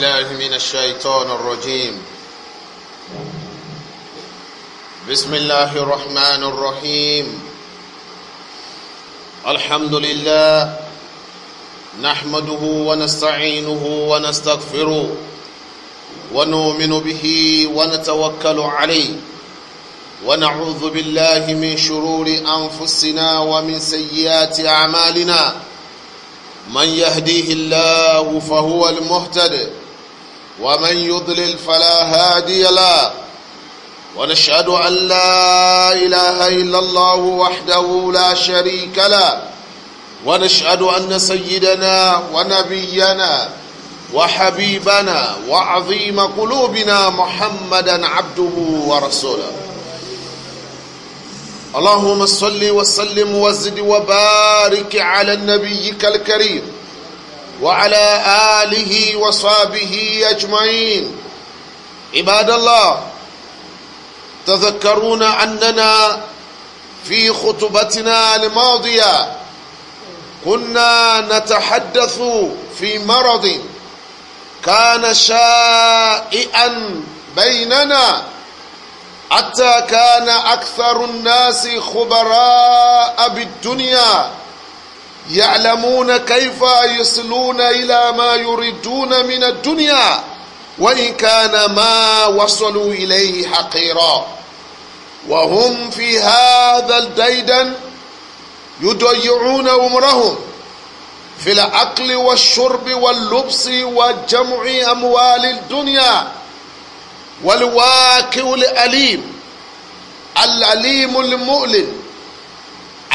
بالله من الشيطان الرجيم بسم الله الرحمن الرحيم الحمد لله نحمده ونستعينه ونستغفره ونؤمن به ونتوكل عليه ونعوذ بالله من شرور أنفسنا ومن سيئات أعمالنا من يهديه الله فهو المهتد ومن يضلل فلا هادي له ونشهد أن لا إله إلا الله وحده لا شريك له ونشهد أن سيدنا ونبينا وحبيبنا وعظيم قلوبنا محمدا عبده ورسوله اللهم صل وسلم وزد وبارك على نبيك الكريم وعلى آله وصحبه أجمعين عباد الله تذكرون أننا في خطبتنا الماضية كنا نتحدث في مرض كان شائعا بيننا حتى كان أكثر الناس خبراء بالدنيا يعلمون كيف يصلون إلى ما يريدون من الدنيا وإن كان ما وصلوا إليه حقيرا وهم في هذا الديدن يضيعون عمرهم في الأكل والشرب واللبس وجمع أموال الدنيا والواقع الأليم الأليم المؤلم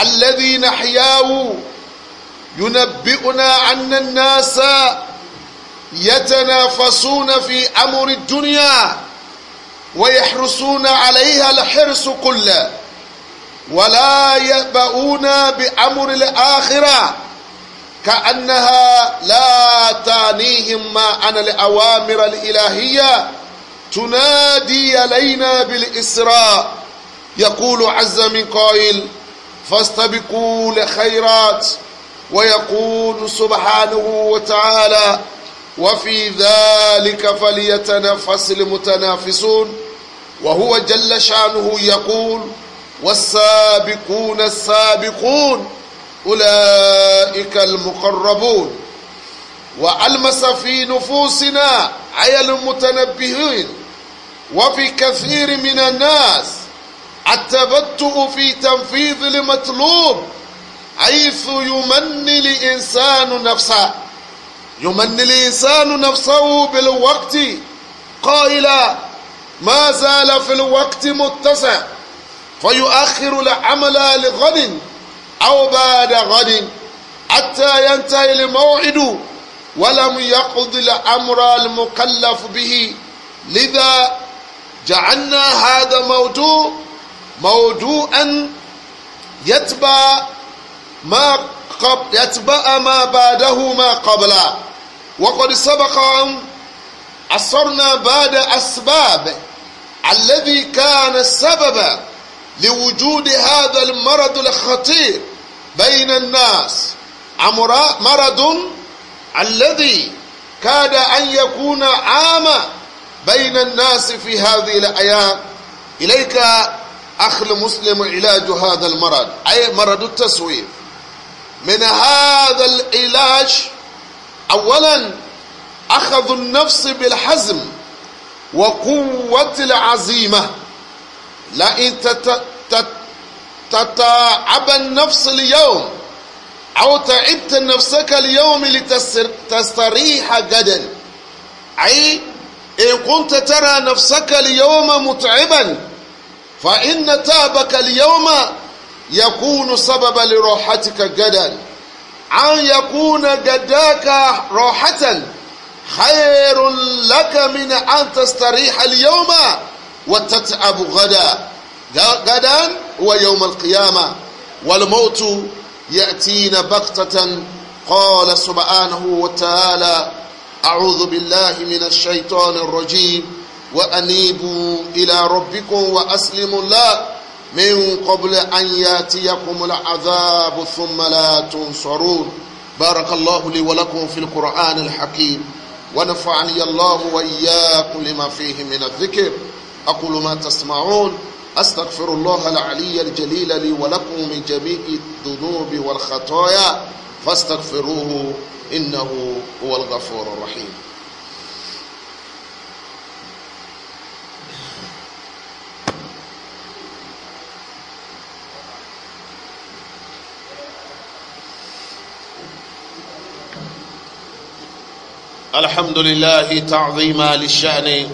الذي نحياه ينبئنا أن الناس يتنافسون في أمر الدنيا ويحرصون عليها الحرص كله ولا يبؤون بأمر الآخرة كأنها لا تعنيهم ما أنا الأوامر الإلهية تنادي علينا بالإسراء يقول عز من قائل فاستبقوا لخيرات ويقول سبحانه وتعالى وفي ذلك فليتنافس المتنافسون وهو جل شانه يقول والسابقون السابقون أولئك المقربون وألمس في نفوسنا عيل المتنبهين وفي كثير من الناس التبتؤ في تنفيذ المطلوب حيث يمني الإنسان نفسه يمني الإنسان نفسه بالوقت قائلا ما زال في الوقت متسع فيؤخر العمل لغد أو بعد غد حتى ينتهي الموعد ولم يقض الأمر المكلف به لذا جعلنا هذا موضوع موضوعا يتبع ما قبل يتبع ما بعده ما قبلا وقد سبق أن أصرنا بعد أسباب الذي كان سببا لوجود هذا المرض الخطير بين الناس مرض الذي كاد أن يكون عاما بين الناس في هذه الأيام إليك أخ المسلم علاج هذا المرض أي مرض التسويف من هذا العلاج أولا أخذ النفس بالحزم وقوة العزيمة لئن تتعب النفس اليوم أو تعبت نفسك اليوم لتستريح غدا أي إن كنت ترى نفسك اليوم متعبا فإن تعبك اليوم يكون سببا لراحتك غدا أن يكون غداك راحة خير لك من أن تستريح اليوم وتتعب غدا غدا هو يوم القيامة والموت يأتينا بغتة قال سبحانه وتعالى أعوذ بالله من الشيطان الرجيم وأنيبوا إلى ربكم وأسلموا الله من قبل أن ياتيكم العذاب ثم لا تنصرون بارك الله لي ولكم في القرآن الحكيم ونفعني الله وإياكم لما فيه من الذكر أقول ما تسمعون أستغفر الله العلي الجليل لي ولكم من جميع الذنوب والخطايا فاستغفروه إنه هو الغفور الرحيم الحمد لله تعظيما للشأن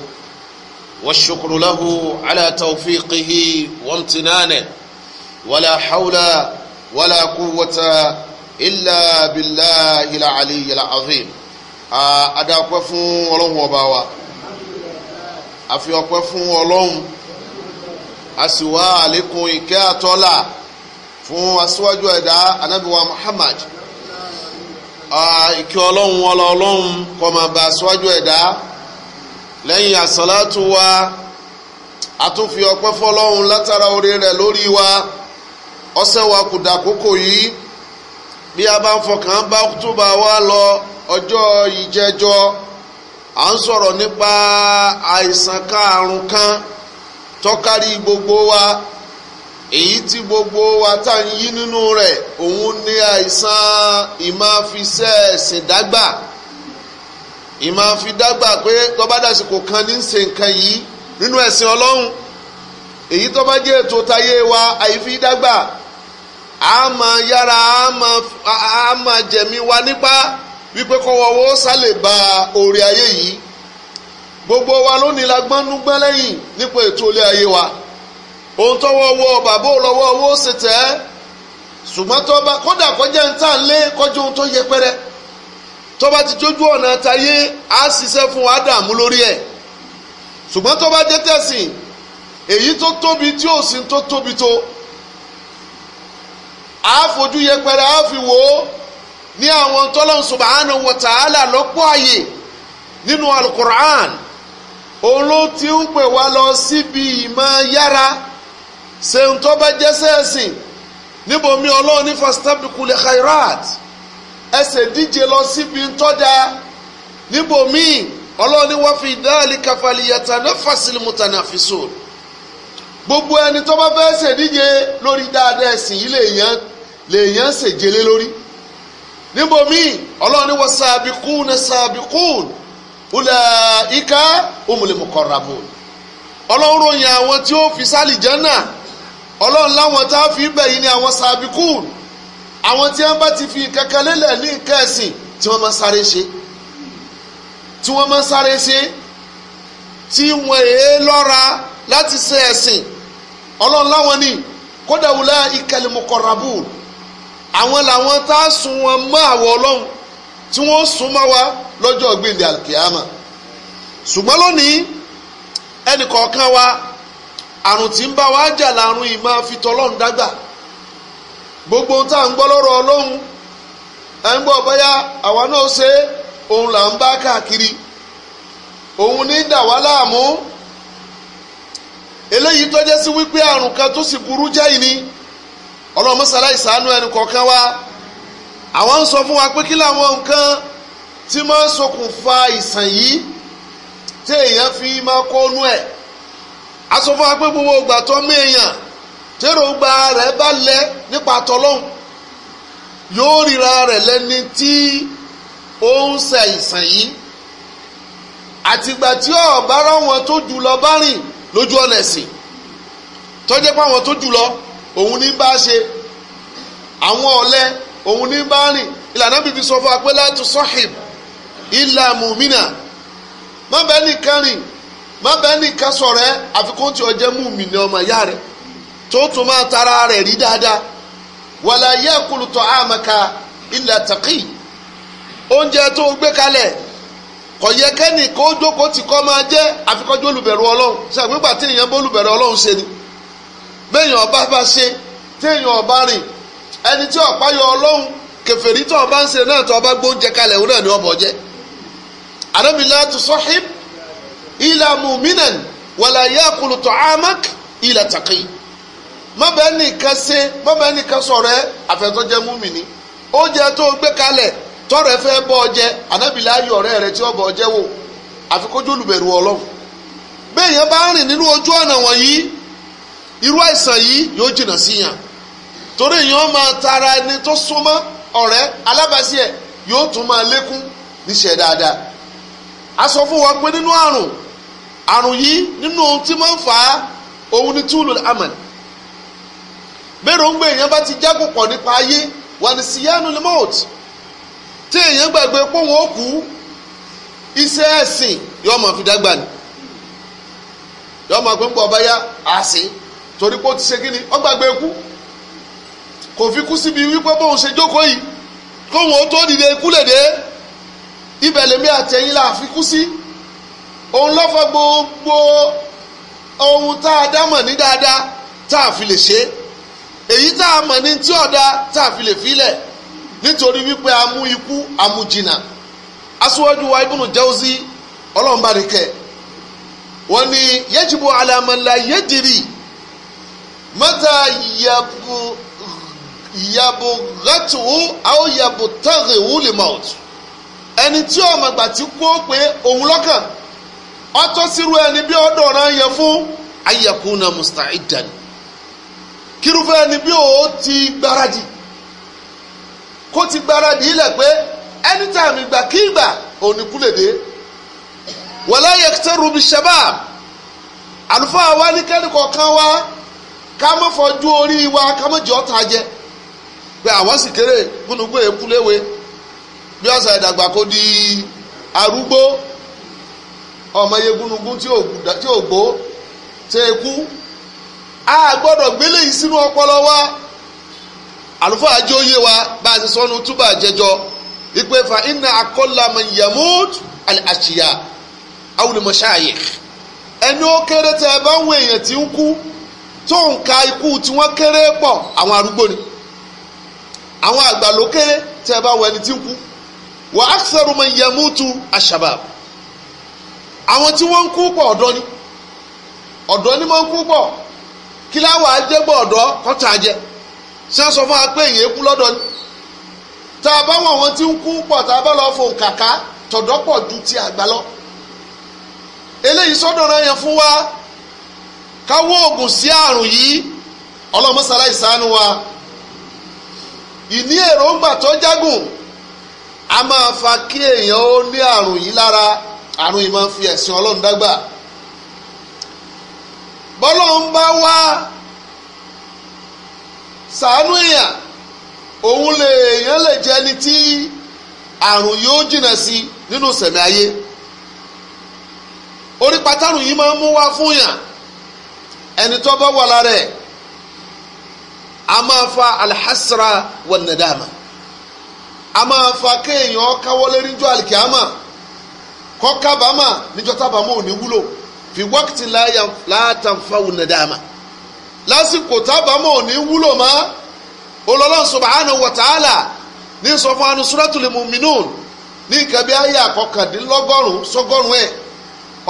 والشكر له على توفيقه وامتنانه ولا حول ولا قوة إلا بالله العلي العظيم أدعوك فون ولون وباوا أفيوك فون ولون أسوا عليكم إكاتولا فون أسواجو أدعى النبي محمد ìkí ọlọ́run ọlọ ọlọ́run kó máa bá aṣáájú ẹ̀dá lẹ́yìn àsálátù wa àtúnfi ọpẹ́ fọlọ́run látara oore rẹ̀ lórí wa ọ̀sẹ̀ wa kù dàkókò yìí bí a bá ń fọkàn bá túbà wa lọ ọjọ́ ìjẹjọ à ń sọ̀rọ̀ nípa àìsàn karùn-ún kan tó gbogbo wa èyí tí gbogbo wa tá ń yí nínú rẹ̀ òun ní àìsàn ìmáfisẹ́ ẹ̀sìn dágbà ìmáfidágbà pé tó bá dàsìkò kan ní ṣe nǹkan yìí nínú ẹ̀sìn ọlọ́run èyí tó bá ètò táyé wa àìfidágbà a máa yára a máa jẹ̀mí wa nípa wípé kọ́wọ́ wo sálè ba orí ayé yìí gbogbo wa lónìí la gbọ́n nú nípa ètò ilé ayé wa. ohun tọ́wọ́ ọwọ́ bàbá òlọ́wọ́ owó ṣe tẹ̀ ẹ ṣùgbọ́n tọba kódà kọjá lé ohun tó yẹ pẹ́rẹ́ ti jójú ọ̀nà tayé á fún wa dààmú lórí ẹ̀ ṣùgbọ́n tọba èyí tó tóbi tí ò tó tóbi tó á fojú á fi wò ó ní àwọn àyè nínú alukur'an òun ló ti ń pè wá lọ yára. ṣe ń tọ́ bá jẹ́ níbo mi ọlọ́run ní fastabiqul khairat ẹsẹ̀ díje lọ síbi ń tọ́jà níbo mi ọlọ́run ní wa fi dhalika falyatanafasil mutanafisun gbogbo ẹni tó bá fẹ́ ṣèdíje lórí dáadáa ẹ̀sìn yìí lèèyàn lèèyàn ṣèjele lórí níbo mi ọlọ́run ní wasabiquna sabiqun ulaika ika muqarrabun ọlọ́run ròyìn àwọn tí ó fi sálì jẹ́ náà ọlọ́run láwọn tá a fi bẹ̀ yìí ni àwọn sàbíkùn àwọn tí wọ́n bá ti fi kankan lélẹ̀ ní nǹkan ẹ̀sìn tí wọ́n máa sáré ṣe tí wọ́n máa sáré ṣe tí wọ́n èé lọ́ra láti ṣe ẹ̀sìn ọlọ́run láwọn ni kódà wùlá ìkẹlẹ̀ mọ̀kọ̀ràbù àwọn làwọn tá a sùn wọn mọ́ àwọ̀ ọlọ́run tí wọ́n sùn mọ́ wa lọ́jọ́ gbèǹdé alkiyama ṣùgbọ́n lónìí ẹnì kọ̀ọ̀kan wa. àrùn tí ń bá wa jà làrùn yìí máa fi tọ́lọ́run dágbà gbogbo tá à ń gbọ́ lọ́rọ̀ ọlọ́run à ń gbọ́ bóyá àwa náà ṣe òun là ń bá káàkiri òun ní dà wá láàmú eléyìí tọ́jẹ́ sí wípé àrùn kan tó sì burú jáì ni ọlọ́run mọ́sálá ẹnì kọ̀ọ̀kan wa àwọn ń sọ fún wa pé kí làwọn nǹkan tí máa ń ṣokùnfà ìsàn yìí tí èèyàn fi máa kó nú ẹ̀ aṣọ fún wa pé gbogbo ìgbà tó mú èèyàn tẹ́rọ gba rẹ̀ bá lẹ nípa tọ́lọ́hún yóò ríra rẹ̀ lẹ́ni tí ó ń ṣe ìsàn yìí àtìgbà tí ọ̀bá ráwọn tó jù lọ bá rìn lójú ọ̀nà ẹ̀sìn tọ́jẹ́ pé àwọn tó jù lọ òun ní bá ṣe àwọn ọ̀lẹ òun ní bá rìn ìlànà bíbí sọ fún wa pé la tusahib illa mu'mina má bẹ́ẹ̀ nìkan rìn má bẹ́ẹ̀ nìkan sọ̀rọ̀ ẹ́ àfikún tí o jẹ́ mú mi ní ọmọ ìyá rẹ̀ tó tún máa tara rẹ̀ rí dáadáa wàlá yẹ kulutọ̀ àmàkà ilẹ̀ tàkì oúnjẹ tó gbé kalẹ̀ kò yẹ kẹ́ni kó jókòó tí kọ́ máa jẹ́ àfikọ́jú olùbẹ̀rù ọlọ́run ṣe tí èèyàn bó olùbẹ̀rù ọlọ́run ṣe ni béèyàn ọba bá ṣe téèyàn ọba rìn ẹni tí ọ̀pá yọ ọlọ́run kèfèrí tó ọba ń ṣe náà tó ọba gbóúnjẹ kalẹ̀ òun náà ni ọbọ̀ jẹ́ àdóbi látú ila mu'minan wala yakulu ta'amak ila taqi má bẹ́ẹ̀ ṣe ẹ àfẹ́tọ́jẹ́ múmìnì oúnjẹ tó gbé kalẹ tọrọ ẹ fẹ bọ́ ọ jẹ anábìlẹ̀ ayọ̀ ọrẹ rẹ tí ọ wò àfikójú tara ẹni tó súnmọ́ ọ̀rẹ́ yóò tún máa lékún níṣẹ́ dáadáa àrùn yìí nínú ohun tí máa ń fà òun ni túlù amẹ̀lì bẹ́ẹ̀ òun gbé èèyàn bá ti jágùn pọ̀ nípa ayé wà ní síyánu limot tí èèyàn gbàgbé pòun ó kú iṣẹ́ ẹ̀sìn yóò máa fi dágbà ni yóò máa pé ń pọ̀ báyá àṣì torí pé ó ti ṣe kí ni ó gbàgbé kú kò fi kú síbi wípé bóun ṣe jókòó yìí kóun ó tó dìde kúlẹ̀ dé ibẹ̀ lèmi àtẹ̀yìn là fi kú sí. Si òun lọ́fọ̀ gbogbo ohun tá a dá mọ̀ ní dáadáa tá a fi lè ṣe èyí tá a mọ̀ ní tí ọ̀dá tá a fi lè filẹ̀ nítorí wípé a mú ikú a mú jìnnà aṣíwájú wa ala mata yabu yabu ẹni tí ọmọ gbà tí pé ọtọ́ sírú ẹni bí ọdọ̀ náà yẹ fún ayẹkùn náà musta'idan kírúfẹ́ ẹni bí o ti gbáradì kó ti gbáradì ilẹ̀ pé anytime ìgbàkígbà òníkú lè dé wala yaktaru bi shabab àlùfáà wa ní kẹ́nìkọ̀ kan wá ká má fọjú orí wa ká má jẹ́ ọ̀tá jẹ pé àwọn sì kéré gbónúgbó bí ìdàgbà di arúgbó ọmọ yegunugun tí ò gbó tẹ ẹ kú a gbọ́dọ̀ gbélé yìí sínú ọpọlọ wa àlùfáà ajé wa bá a ti sọnù túbà jẹjọ wípé fa iná akọ́lámọ yamud àṣìyà awùlẹ̀mọṣáàyè ẹni ó kéré tẹ ẹ bá ń wọ èèyàn tí ń kú tó ń ka ikú tí wọ́n kéré pọ̀ àwọn arúgbó ni àwọn àgbà ló kéré tẹ ẹ bá wọ ẹni tí ń kú wà á sẹ́rù mọ àṣàbà àwọn tí wọ́n ń kú pọ̀ ọ̀dọ́ ni ọ̀dọ́ ni wọ́n ń kú pọ̀ kí láwàá jẹ́gbọ́ ọ̀dọ́ kọ́tà jẹ ṣé wọ́n sọ fún wa pé èyí kú lọ́dọ̀ ni tá a bá wọn àwọn tí ń kú pọ̀ tá a bá lọ fò kàkà tọ̀dọ́ pọ̀ ju ti àgbà lọ eléyìí sọ́dọ̀ náà yẹn fún wa káwọ́ oògùn sí àrùn yìí ọlọ́mọsálá ìsánú wa ìní èròǹgbà tó jágùn a máa fa kí èèyàn ó ní àrùn yìí lára àrùn yìí máa ń fi ẹ̀sìn ọlọ́run dágbà bọ́lọ́run bá wá sàánú èèyàn òun lè èèyàn lè jẹ́ ẹni tí àrùn yóò jìnà sí nínú sẹ̀mí ayé orí pátárùn yìí máa ń mú wá fún yàn ẹni tó bá wà lára ẹ̀ a máa fa alhasra wa nadama a máa fa kéèyàn káwọ́ lérí jọ kọ́ kábàámà níjọ́ tábàámà ò ní wúlò fi wákìtì látàǹfàwù nàdàmà lásìkò tábàámà ò ní wúlò mọ́ Ọlọ́hun subhanahu wa ta'ala ní sọ fún anu suratul mu'minun ní nǹkan bí ayé àkọkàndínlọ́gọ́rùn-ún sọ́gọ́rùn-ún ẹ̀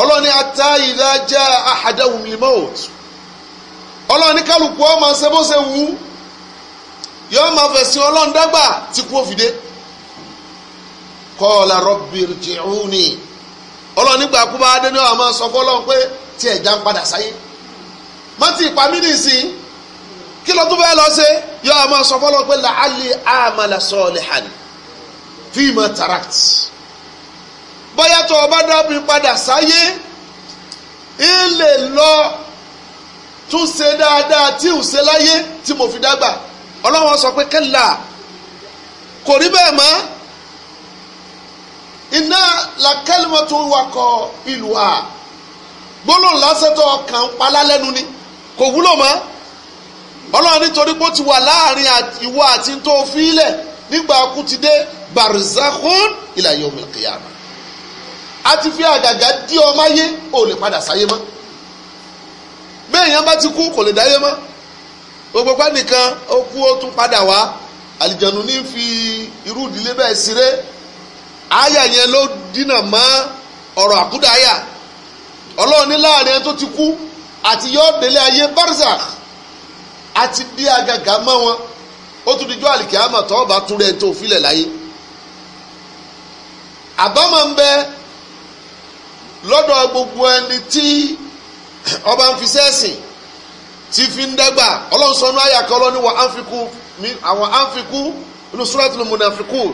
ọlọ́ni ata idha jaa ahadahum al-maut ọlọ́ni kálukú ọmọ ṣẹ́bọ́ṣẹ́ wù yọ́ọ́ máa fẹ̀sìn ọlọ́run dágbà tí kú òfìdé kọ́ọ̀lá rabbi irji'uni ọlọ́run nígbà kú bá dé ní ọ̀hún máa sọ fọlọ́run pé tí ẹ̀já ń padà sáyé mọ́tì ìpamí nìsín kí ló tún fẹ́ lọ ṣe yọ ọ̀hún máa sọ fọlọ́run pé làálì àmàlà salihan fíìmù tarakt bóyá tó o bá dábì padà sáyé ilé lọ tún ṣe dáadáa tí ò ṣe láyé tí mo fi dágbà ọlọ́run sọ pé kẹ́là kò rí bẹ́ẹ̀ mọ́ iná làkẹ́lìmọ̀ tó wakọ̀ ìlú a gbólóhùn lásẹ̀tọ̀ kàn pala lẹ́nu ni kò wúlò mọ́ ọlọ́run nítorí pé ó ti wà láàrin ìwọ àti tó fílẹ̀ nígbà kú barzakhun ila yawmil qiyamah a ti fi àgàgà dí ọmọ ayé ò lè padà sáyé mọ́ bẹ́ẹ̀ yẹn bá ti kú kò lè dáyé mọ́ gbogbo pẹ́ nìkan ó kú ó tún padà wá àlìjẹ̀nu ní fi irú ìdílé bẹ́ẹ̀ sire Aya yẹn ló dínà mọ́ ọ̀rọ̀ àkúdàáyà ọlọ́run ní láàrin ẹni tó ti kú àti yọ́ọ́ délé ayé barzakh àti di àgàgà mọ́ wọn ó tún dijọ́ àlìkè àmọ̀ tọ́ ọba tún rẹ̀ tó filẹ̀ láyé àbámọ̀ ń bẹ lọ́dọ̀ gbogbo ẹni tí ọba ń fi sẹ́sìn tí fi ń dẹ́gbà ọlọ́run sọnù àyàkọ́ ọlọ́ni wà á ń fi kú àwọn á ń fi kú inú suratul munafiqun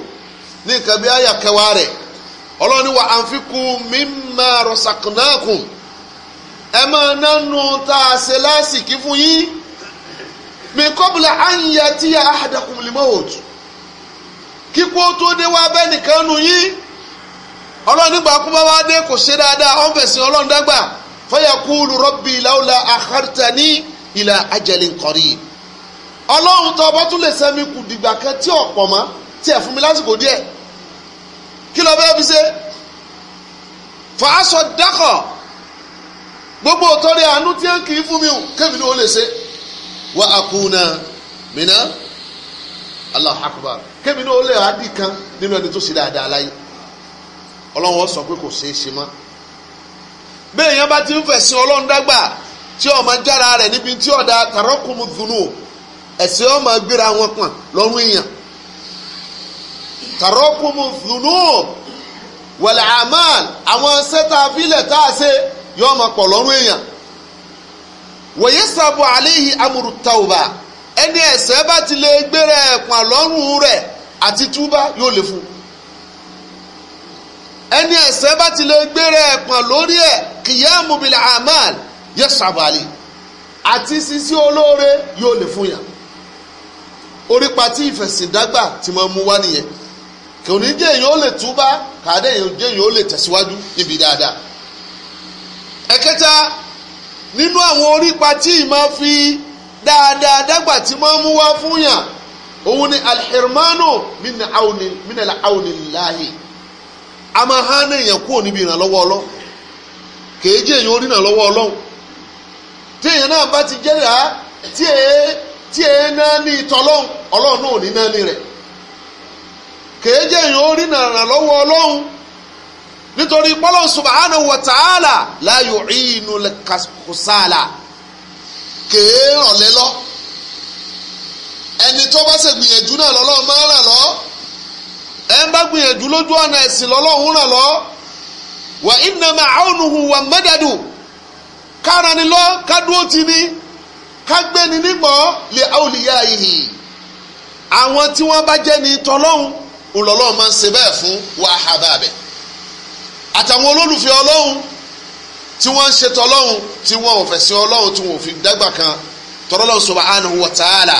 ní nǹkan bí àyà kẹwàá rẹ̀ ọlọ́ni wa ànfikù mímà rọ̀ṣàkùnákùn ẹ máa nánú tá a ṣe lásìkí fún yín mi kọ́bùlà ànyà tí a àdàkùn lèmọ́wòtù kíkó tó dé wá bẹ́ẹ̀ nìkan nù yín ọlọ́ni gbà kú bá wá dé kò ṣe dáadáa ọ̀n fẹ̀sìn ọlọ́run dágbà fayakulu rọ́bì làwùlà àkàrìtàní ìlà ajalin qarib ọlọ́run tó bá tún lè sẹ́mi kù dìgbà kan tí ọ̀pọ̀ mọ́ tí ẹ̀ mi lásìkò díẹ̀ kí ló fẹ́ fi ṣe fàásọ dákọ̀ gbogbo òtọ́rí àánú tí ń kì í fún mi ò kébì ni ó lè ṣe wà á kú náà mìíràn Allahu akbar kébì ni ó lè á dì kan nínú ẹni tó ṣe dáadáa láyé ọlọ́run sọ pé kò ṣeé ṣe mọ́ bẹ́ẹ̀ yẹn bá ti ń fẹ̀sìn ọlọ́run dágbà tí ọmọ jára rẹ̀ níbi tí ọ̀dà tàrọ́kùnmù dùnú ẹ̀sìn ọmọ gbéra wọn pọ̀n lọ́rùn èèyàn tàrọ́kùnmù dùnú wẹ̀lẹ̀ àmàn àwọn sẹ́tà fílẹ̀ tá a ṣe yọ ọmọ pọ̀ lọ́rùn èèyàn wòye sàbò àléhi amúrú tàwùbà ẹni ẹ̀ṣẹ̀ bá ti lè gbéra ẹ̀pọ̀n lọ́rùn rẹ̀ àti túbá yóò lè fún ẹni ẹ̀ṣẹ̀ bá ti lè gbéra ẹ̀pọ̀n lórí ẹ̀ kìyàmù bìlẹ̀ àmàn yẹ sàbò àléhi àti sisi olóore yóò lè fún yàn orípa tí ìfẹ̀sìndágbà ti máa mú wá nìyẹn ka ní jẹ́ èèyàn ó lè túbá kàdé èèyàn jẹ́ èèyàn ó lè tẹ̀síwájú níbi dáadáa. ẹ̀kẹta nínú àwọn orípa tí ìmọ̀ fi dáadáa dágbà tí máa mú wá fún yàn ni alhirmanu minna awni lahi a máa hán èèyàn kúrò níbi ìrànlọ́wọ́ ọlọ́ kèé jẹ́ èèyàn ó ìrànlọ́wọ́ ọlọ́run tí èèyàn náà bá ti jẹ́ rà á tí èé náà ní ọlọ́run kéèjé yìí ó rí nàrà lọ́wọ́ ọlọ́run nítorí pọ́lọ́n subahana wa ta'ala la yu'inu kusala kéè ọ̀lẹ́ lọ ẹni tó bá ṣe gbìyànjú náà lọ́lọ́run máa ràn lọ́ ẹ ń bá gbìyànjú lójú ọ̀nà ẹ̀sìn lọ́lọ́run ràn lọ́ wa innama aunuhu wa madadu kárani lọ kádúró ti ní kágbéni nígbọ́ lè awliya'ihi àwọn tí wọ́n bá jẹ́ ni tọ́lọ́hún ńlọlọ́run máa ń ṣe bẹ́ẹ̀ fún wàhábà bẹ̀ àtàwọn olólùfẹ́ ọlọ́run tí wọ́n ń ṣètò ọlọ́run tí wọ́n ò fẹ̀sìn ọlọ́run tí wọ́n ò fi dágbà kan tọ́lọ́lọ́run subhanahu wa ta'ala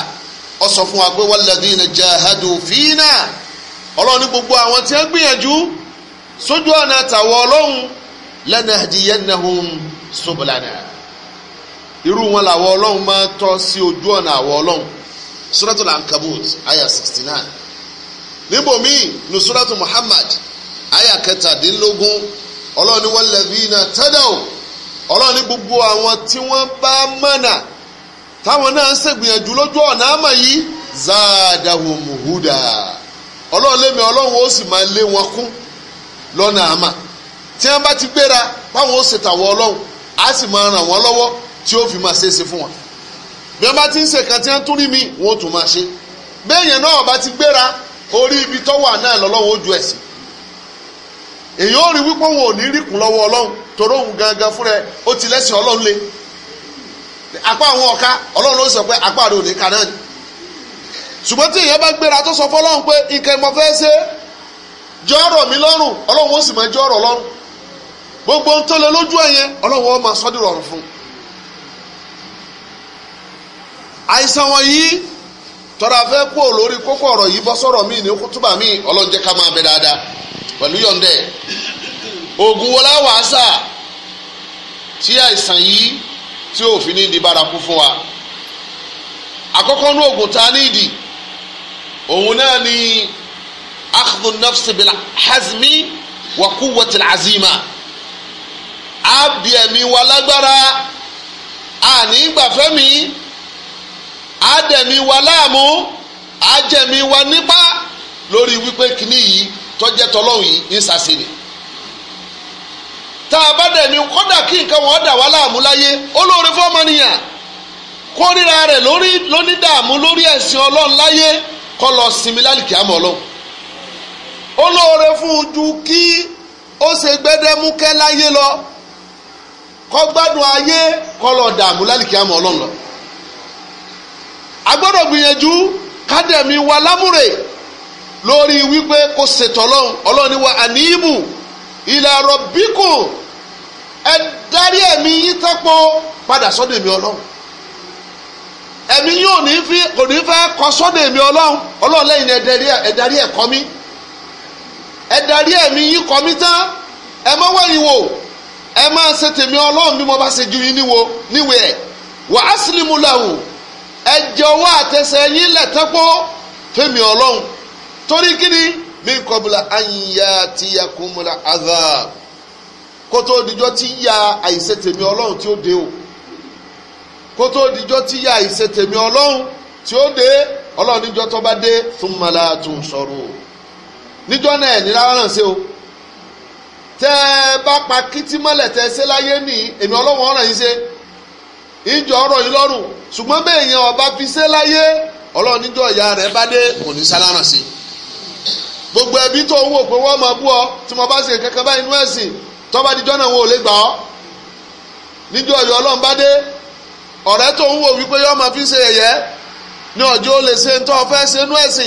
ó sọ fún wa pé walladhina jahadu fina ọlọ́run ní gbogbo àwọn tí wọ́n gbìyànjú sójú ọ̀nà àtàwọn ọlọ́run lanahdiyannahum subulana irú wọn làwọn ọlọ́run máa tọ́ sí ojú ọ̀nà àwọn ọlọ́run suratul ankabut ayah sixty nine. níbòmíì nusulatu muhammad aya kẹtàdínlógún ọlọ́run wọn walladhina tadaw gbogbo àwọn tí wọ́n bá mọ̀nà táwọn náà ń ṣègbìyànjú lójú ọ̀nà àmọ̀ yìí zaadahum huda ọlọ́run si ọlọ́run ó sì máa lé wọn kún lọ́nà àmà tí wọ́n bá ti gbéra báwọn ó ṣètàwọ̀ ọlọ́run á sì máa ràn wọ́n lọ́wọ́ tí ó fi máa fún wọn bí wọ́n orí ibi tó wà náà lọ́wọ́ ojú ẹ̀sìn èyí ó rí wípé ò ní rí kùn lọ́wọ́ ọlọ́run torí òun gangan fúnra ẹ ó ti lẹ́sìn ọlọ́run lé apá àwọn ọ̀ka ọlọ́run ló sọ pé apá rẹ ò ní ka náà ṣùgbọ́n tí ìyẹn bá gbéra tó sọ pé ṣe jọ ọ̀rọ̀ mi lọ́rùn tọ́ra fẹ́ kú lórí kókó ọ̀rọ̀ yìí bọ́ sọ̀rọ̀ míì ní kútùbà míì ọlọ́jẹ́ ká máa bẹ dáadáa pẹ̀lú yọ̀ǹdẹ̀ oògùn wọlá wàásà tí àìsàn yìí tí òfin ní di bárakú fún wa àkọ́kọ́ ní oògùn tá ní ìdì òun náà ni akhdhu nafsi bil hazmi wa quwwatil azima á ẹ̀mí wa lágbára àní ìgbàfẹ́ mi àdẹ̀mí wa láàmú àjẹ̀mí wa nípa lórí wípé kínní yìí tọ́jẹ́ tọ́lọ́hùn yìí ń sàṣe ni. tá a bá dẹ̀mí kọ́dà kí nǹkan wọn dà wá láàmú láyé olóore fọ́mọnìyàn kórìíra rẹ̀ lórí lónídààmú lórí ẹ̀sìn ọlọ́run láyé kọ́ lọ sinmi lálìkí àmọ́ ọlọ́run. olóore fún un kí ó ṣe gbẹdẹmúkẹ́ láyé lọ kọ́ gbádùn ayé kọ́ lọ dààmú lálìkí àmọ́ ọlọ́run lọ a gbọ́dọ̀ gbìyànjú kádẹ̀mí wa lámúre lórí wípé kò ṣètò ọlọ́run ọlọ́run ni wa àníìmù ìlà rọ̀bíkùn ẹ darí ẹ̀mí yín tẹ́pọ̀ padà sọ́dọ̀ èmi ọlọ́run ẹ̀mí yín ò ní fi kò ní fẹ́ kọ sọ́dọ̀ èmi ọlọ́run ọlọ́run lẹ́yìn ẹ darí ẹ̀ kọ́ mi ẹ darí ẹ̀mí yín kọ́ mi tán ẹ má wẹ̀yìn wò ẹ máa ṣe tèmi ọlọ́run bí mo bá ṣe ju yín níwo níwe ẹ̀ wà á làwù ẹ̀jẹ̀ ọwọ́ àtẹsẹ̀ yín lẹ̀tẹ́pọ̀ fẹ́mi ọlọ́run torí kíni mi kọ́bùlà àyìnyá ti ya kùmùlà àdá kótó òdìjọ́ ti ya àìṣe tèmi ọlọ́run tí ó dé o kótó òdìjọ́ ti ya àìṣe tèmi ọlọ́run tí ó dé ọlọ́run níjọ́ tó bá dé fún mọ́lá tó ń sọ̀rọ̀ o níjọ́ náà ẹ̀ nílá ràn sí o tẹ́ ẹ bá pa kìtìmọ́lẹ̀ tẹ́ ẹ ṣe láyé ní èmi ọlọ́run ọ̀ràn yín ṣe. ìjọ ọ̀rọ̀ yìí lọ́rùn ṣùgbọ́n bẹ́ẹ̀ yẹn ọba fi ṣe láyé ọlọ́run níjọ ìyá rẹ bá dé gbogbo ẹbí tó ń wò pé wọ́n máa bú ọ tí mo bá ṣe kankan báyìí inú ẹ̀sìn tọ́ba díjọ́ náà wọn ò lè gbà ọ́ níjọ ìyá ọlọ́run bá dé ọ̀rẹ́ tó ń wò wípé fi ṣe yẹ̀yẹ́ ní ọjọ́ ó lè ṣe ń tọ́ fẹ́ ṣe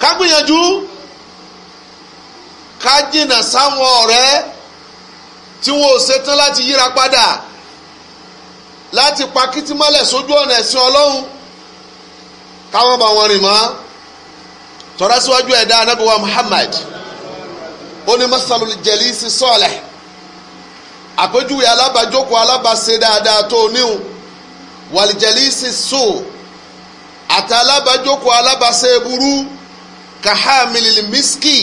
ká gbìyànjú ká jìnnà sáwọn ọ̀rẹ́ tí wọn ò ṣetán láti yíra padà láti pa kìtìmọ́lẹ̀ sójú ọ̀nà ẹ̀sìn ọlọ́run káwọn bá wọn rìn mọ́ tọ́lá síwájú ẹ̀dá anábíwá Muhammad ó ní masalul jalisi salih àpèjúwe alábàjókòó alábàṣe dáadáa tó níhùn wal jalisi su àti alábàjókòó alábàṣe burú. كحامل miski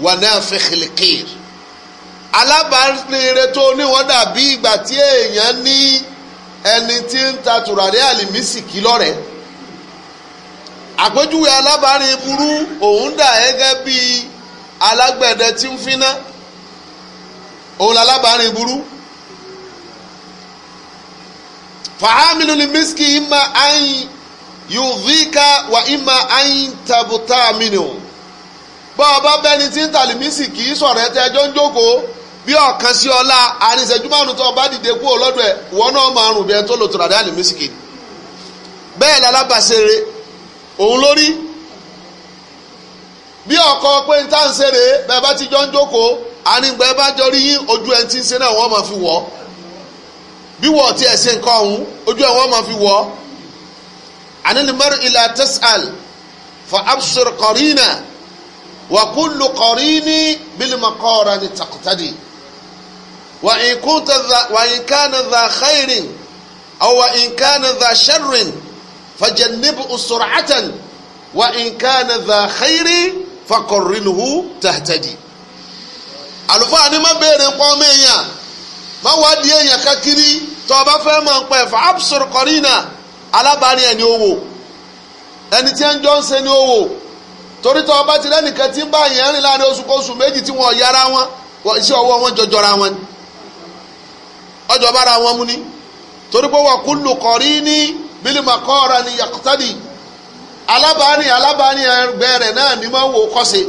ونافخ náà fẹ́kìlìkìr alábàárẹ̀ tó níwọ̀n dàbí ìgbà tí èèyàn ní ẹni tí ń ta tùràrí àlìmísìkì lọ́rẹ̀ẹ́ àpèjúwe alábàárẹ̀ burú òun dà gẹ́gẹ́ bíi alágbẹ̀dẹ tí ń finá òun alábàárẹ̀ burú fàhámìlú ni miski ima ayin yùdíkà wa ima àyìntàbùtà mìíràn bọ́ ọba bẹ́ni tí ń tàlímísì kì í sọ̀rọ̀ ẹ̀tẹ́ ẹjọ́ ń jókòó bí ọ̀kan sí ọlá àríṣẹ́jú márùn tó ọba dìde kúrò lọ́dọ̀ ẹ̀ wọ́n náà máa rùn bí ẹni tó lò tó ràdá àlímísì kì í bẹ́ẹ̀ lálábàṣẹ́rẹ́ òun lórí bí ọkọ pé ń tàǹṣẹ̀rẹ́ bẹ́ẹ̀ bá ti jọ ń jókòó ànígbà bá jọ rí yín ojú ẹ ti ń ṣe náà wọ́n máa fi wọ̀ bí wọ́ọ̀ tiẹ̀ ṣe nǹkan ọ̀hún ojú ẹ wọ́n máa fi wọ̀ ọ́ anil mar'ila tas'al fa absir qarina wa kullu qarini bil maqarani taqtadi wa in kunta wa in kana dha khairin aw wa in kana dha sharrin fajannibhu sur'atan wa in kana dha khairin fakọrinhu tahtadi àlùfáà ni má béèrè pọ́n mẹ́yàn má wádìí èèyàn kakiri tó o bá fẹ́ mọ̀ pẹ́ fa absir qarina alábàárín ẹ̀ ní owó ẹni tí ń jọ ń ṣe ní owó torí tó ọba ti lẹ́nìkan tí ń bá yẹn rìn láàrin oṣù kóṣù méjì tí wọ́n yára wọn iṣẹ́ ọwọ́ wọn jọjọra wọn ni ọjọ́ bára wọn mú ni torí pé wọ́n kú lù kọ́rí ní bílímà kọ́ra ni yàtọ̀tàdì alábàárín alábàárín ẹgbẹ́ rẹ̀ náà ni wọ́n wò kọ́sẹ̀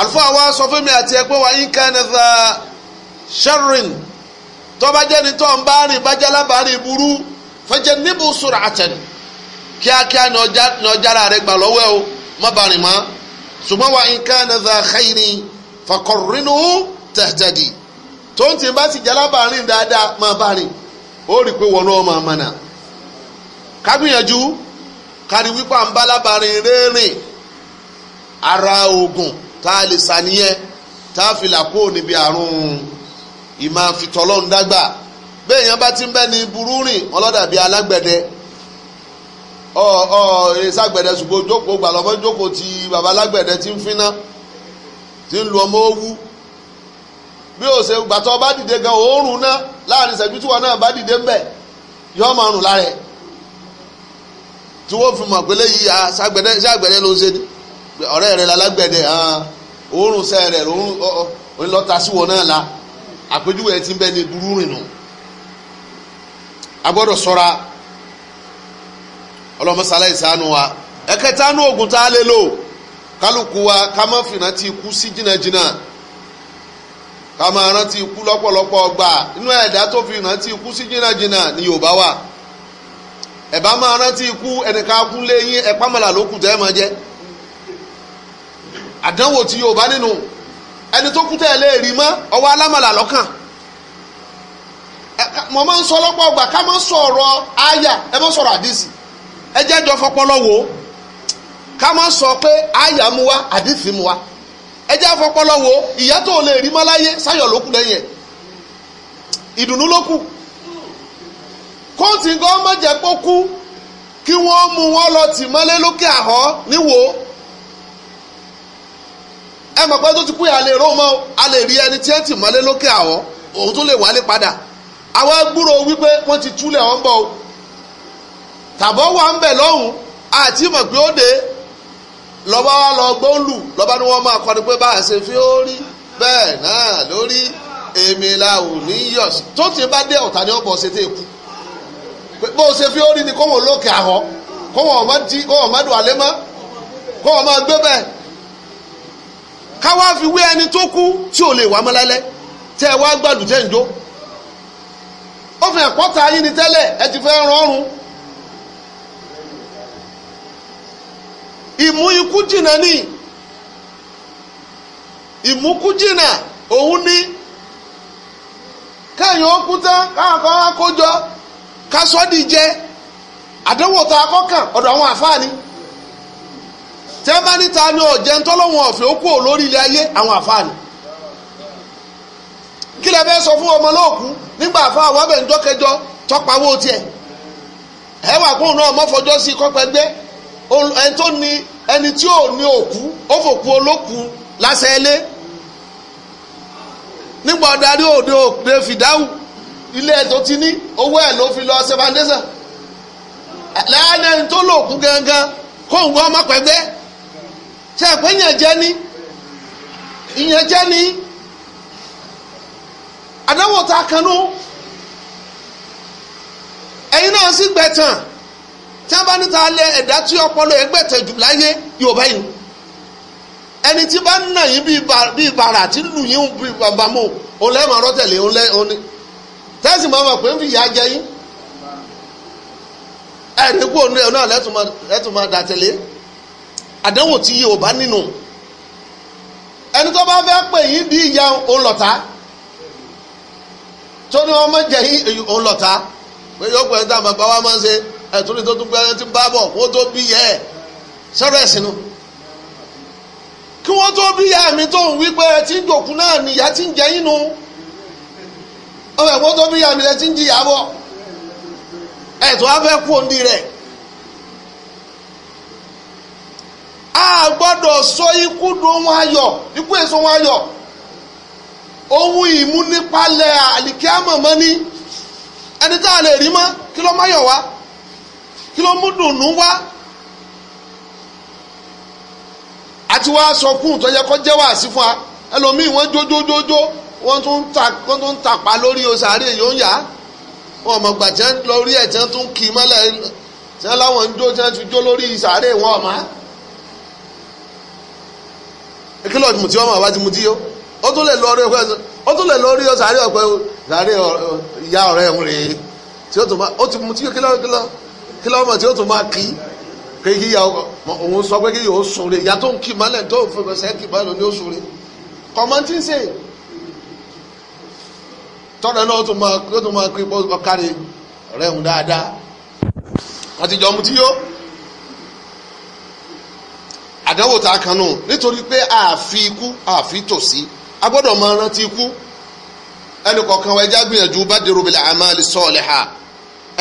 àlùfáà wa sọ fún mi àti ẹgbẹ́ wa inkanetha sharon tọ́ba jẹ́ni tó ń bá rìn bá jẹ́ alábàárín burú fẹjẹ níbo sọ̀rọ̀ àtẹnu kíákíá ní ọjàrá rẹ gbà lọ́wọ́ ẹ o má ba rìn mọ́ ṣùgbọ́n wa nǹkan nàza xeyìnì fakọrinu tẹ̀tẹ̀dì tó ń tì bá sì jẹ́lá bá rìn dáadáa má ba rìn ó rí i pé wọ́n náà máa mọ̀nà kágbìyànjú kárí wípé à ń rẹ́rìn ara oògùn tá a lè sàníyẹ tá a fi là níbi àrùn ìmáfitọ́lọ́ndàgbà bẹ́ẹ̀ bá ti ń bẹ́ ni burú rìn alágbẹ̀dẹ ọ ṣùgbọ́n jókòó jókòó ti bàbá alágbẹ̀dẹ ti ń ti ń lu ọmọ owú bí o ṣe gbàtọ́ bá dìde gan oorun náà láàrin ìṣẹ́jú tí wọn náà bá dìde yọ ọmọ ọrùn lára ẹ̀ tí fi mọ̀ pé léyìí ló ń ṣe ọ̀rẹ́ rẹ̀ lọ́ta sí wọn náà la ti ń bẹ ní burú rìn agbọ́dọ̀ ṣọ́ra ọlọ́mọsálá ìsánú wa ẹ̀kẹta ní oògùn tá a lè lò kálukú wa ká má ti ikú sí jìnnàjìnnà ká máa rántí ikú lọpọlọpọ ọgbà inú ẹ̀dá tó fi rántí ikú sí jìnnàjìnnà ni Yorùbá wà ẹ̀bá máa rántí ikú ẹnìkan kú léyìn ẹ̀pámọ̀là ló kù tẹ́ ẹ̀ máa jẹ́ àdánwò ti Yorùbá nínú ẹni tó kú tẹ́ ẹ̀ lè rí mọ́ ọwọ́ alámọ̀là lọ́kàn mo máa ń sọ lọ́pọ̀ ọgbà ká má sọ̀rọ̀ àyà ẹ má sọ̀rọ̀ àdìsí ẹ jẹ́ jọ fọpọlọ wò ó sọ pé àyà mu wá àdìsí mu wá ẹ jẹ́ fọpọlọ wò ó ìyá tó lè rí mọ́láyé sáyọ̀ ló lẹ́yìn ẹ̀ ìdùnnú wọ́n mú wọn lọ tì mọ́lé lókè àhọ́ ẹ mọ̀ pé lè rí ẹni tí ẹ tì mọ́lé lókè àhọ́ òun tó lè àwa gbúrò wípé wọ́n ti wọ́n bọ̀ o tàbọ̀ wà ń bẹ̀ lọ́hùn àti mọ̀ pé ó dé lọ́ba wa lọ lọ́ba ni wọ́n máa kọ́ni pé bá a ṣe fi ó rí bẹ́ẹ̀ náà lórí èmi la ò ní yọ̀ tó ti bá dé ọ̀tá ni wọn lókè àhọ́ kó wọn ọmọ di kó wọn wọn ọmọ gbé bẹ́ẹ̀ káwá fi wé ẹni tó kú tí ò lè wà mọ́ lálẹ́ ó fi hàn pọ́tà ni tẹ́lẹ̀ ẹ ti fẹ́ ìmú ikú ni ìmúkú jìnnà òun ni kẹ́yìn ó kú tán káwọn kan wá jẹ àdánwò ọ̀dọ̀ àwọn àfáàní bá níta ni ọ̀jẹ̀ ń ọ̀fẹ́ ó kú ò lórí ilé ayé àwọn kí lẹ fẹ́ sọ fún ọmọ lóòkú nígbà fún àwọn abẹ ńjọ kẹjọ tọpawó tiẹ̀ ẹ wà kóun náà mọ́fọjọ́ sí kọ́pẹ́gbẹ́ ẹni tó ni ẹni tí ò ní òkú ó fòkú olókú lásẹ̀ẹ́lé nígbà ọ̀darí òde òde fìdáhù ilé ẹ̀ tó ti ní owó ẹ̀ ló fi lọ sẹ́fàndésà láàrin ẹni tó lòkú gangan kóun gbọ́ ọmọ pẹ́gbẹ́ ṣe jẹ́ ìyẹn jẹ́ àdánwò ta kanú ẹ̀yin náà sì gbẹ̀tàn tí wọ́n bá níta lẹ ẹ̀dá tí ọpọlọ ẹ̀ gbẹ̀tàn jù láyé yorùbá yìí ẹni tí bá ń nà yín bíi bàrà tí lù yín bíi bàbámò òun lẹ́ẹ̀mọ̀ ọ̀rọ̀ tẹ̀lé òun lẹ́ẹ̀ tẹ́sí mọ́ mọ̀ pé ń fi ìyá jẹ yín ẹ̀rí kú òun náà lẹ́tùn máa dàtẹ̀lé àdánwò tí yorùbá nínú ẹni tó bá fẹ́ pè yín bí ìyá òun lọ̀tá. torí wọn máa jẹ pé yóò pẹ̀lú táwọn bàbá wa máa ń ṣe ẹ̀tún ní tó gbẹ́rẹ́ tí ń bá bọ̀ kó tó bí yẹ ẹ̀ sọ́rọ̀ nu kí wọ́n tó bí yá mi tó ń wí pé ẹ ti ń ti ń yín nu ọmọ ẹ̀gbọ́n tó bí yá mi lẹ ti ń jìyà bọ̀ ẹ̀tún á fẹ́ kú òǹdí a gbọ́dọ̀ sọ ikú dùn wọn ayọ̀ ikú ohun ìmúnípalẹ̀ àlìkíámọ̀ mọ́ ní ẹni tá a lè rí mọ́ kí ló má yọ̀ wá kí ló mú dùnú wá àti wá tó yẹ kó wa ẹlòmíì wọ́n jójójójó wọ́n tún ta wọ́n tún tapa lórí yóò yá wọn ọmọ gbà jẹ́ lórí ẹ̀ tí tún kì í mọ́lẹ̀ tí láwọn ń jó ti jó lórí wọn ó tún lè lọ rí ọpẹ ó tún lè lọ rí ọsàárẹ ọpẹ sàárẹ ìyá ọ̀rẹ́ òun rèé tí ó tún máa ó ti mu tí kílọ kílọ kílọ ọmọ tí ó tún máa kí pé kí ìyá òun sọ pé kí yóò sùn rè ìyá tó ń kì mọ́lẹ̀ tó ń fẹsẹ̀ sẹ́ kì mọ́lẹ̀ ní oṣù rè kọ́mọ́ntì ń sè tọ́nà náà ó tún máa ó tún máa kí ọkàrẹ̀ ọ̀rẹ́ òun dáadáa àtijọ́ mu tí yó àdánwò tá a kan nù nítorí pé àfi ikú àfi tòsí agbọdọ gbọ́dọ̀ máa rántí ikú ẹnì kọ̀ọ̀kan wa ẹja gbìyànjú amali soliha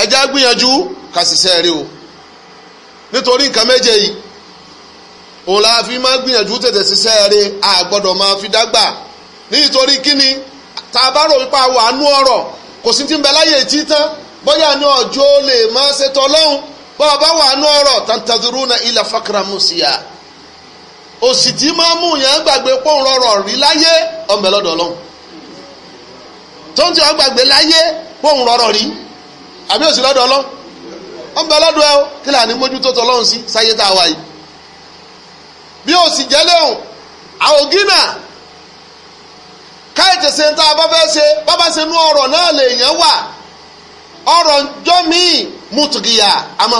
ẹja gbìyànjú ká ṣiṣẹ́ rí o nítorí nǹkan méje yìí òun la fi máa gbìyànjú tètè ṣiṣẹ́ rí a gbọ́dọ̀ fi dágbà nítorí kíni tá a bá rò wípé wà ọ̀rọ̀ kò sí ti ń bẹ láyè tí tán bóyá ní ọjọ́ lè máa wà ọ̀rọ̀ na òsì tí máa mú yẹn gbàgbé pọ́n rọrọ̀ rí láyé ọmọ ẹlọ́dọ̀ ọlọ́run tó ń tí wọ́n gbàgbé láyé pọ́n rọrọ̀ rí àbí òsì lọ́dọ̀ ọlọ́run ọmọ ẹlọ́dọ̀ ẹ kí là ní mójútó tọlọ́run sí sáyé tá a wà bí òsì jẹ́ léhùn àwògínà káyọ̀tẹ̀ ṣe ń tá a bá fẹ́ ṣe bábá ṣe nú ọ̀rọ̀ náà wà ọ̀rọ̀ míì àmọ́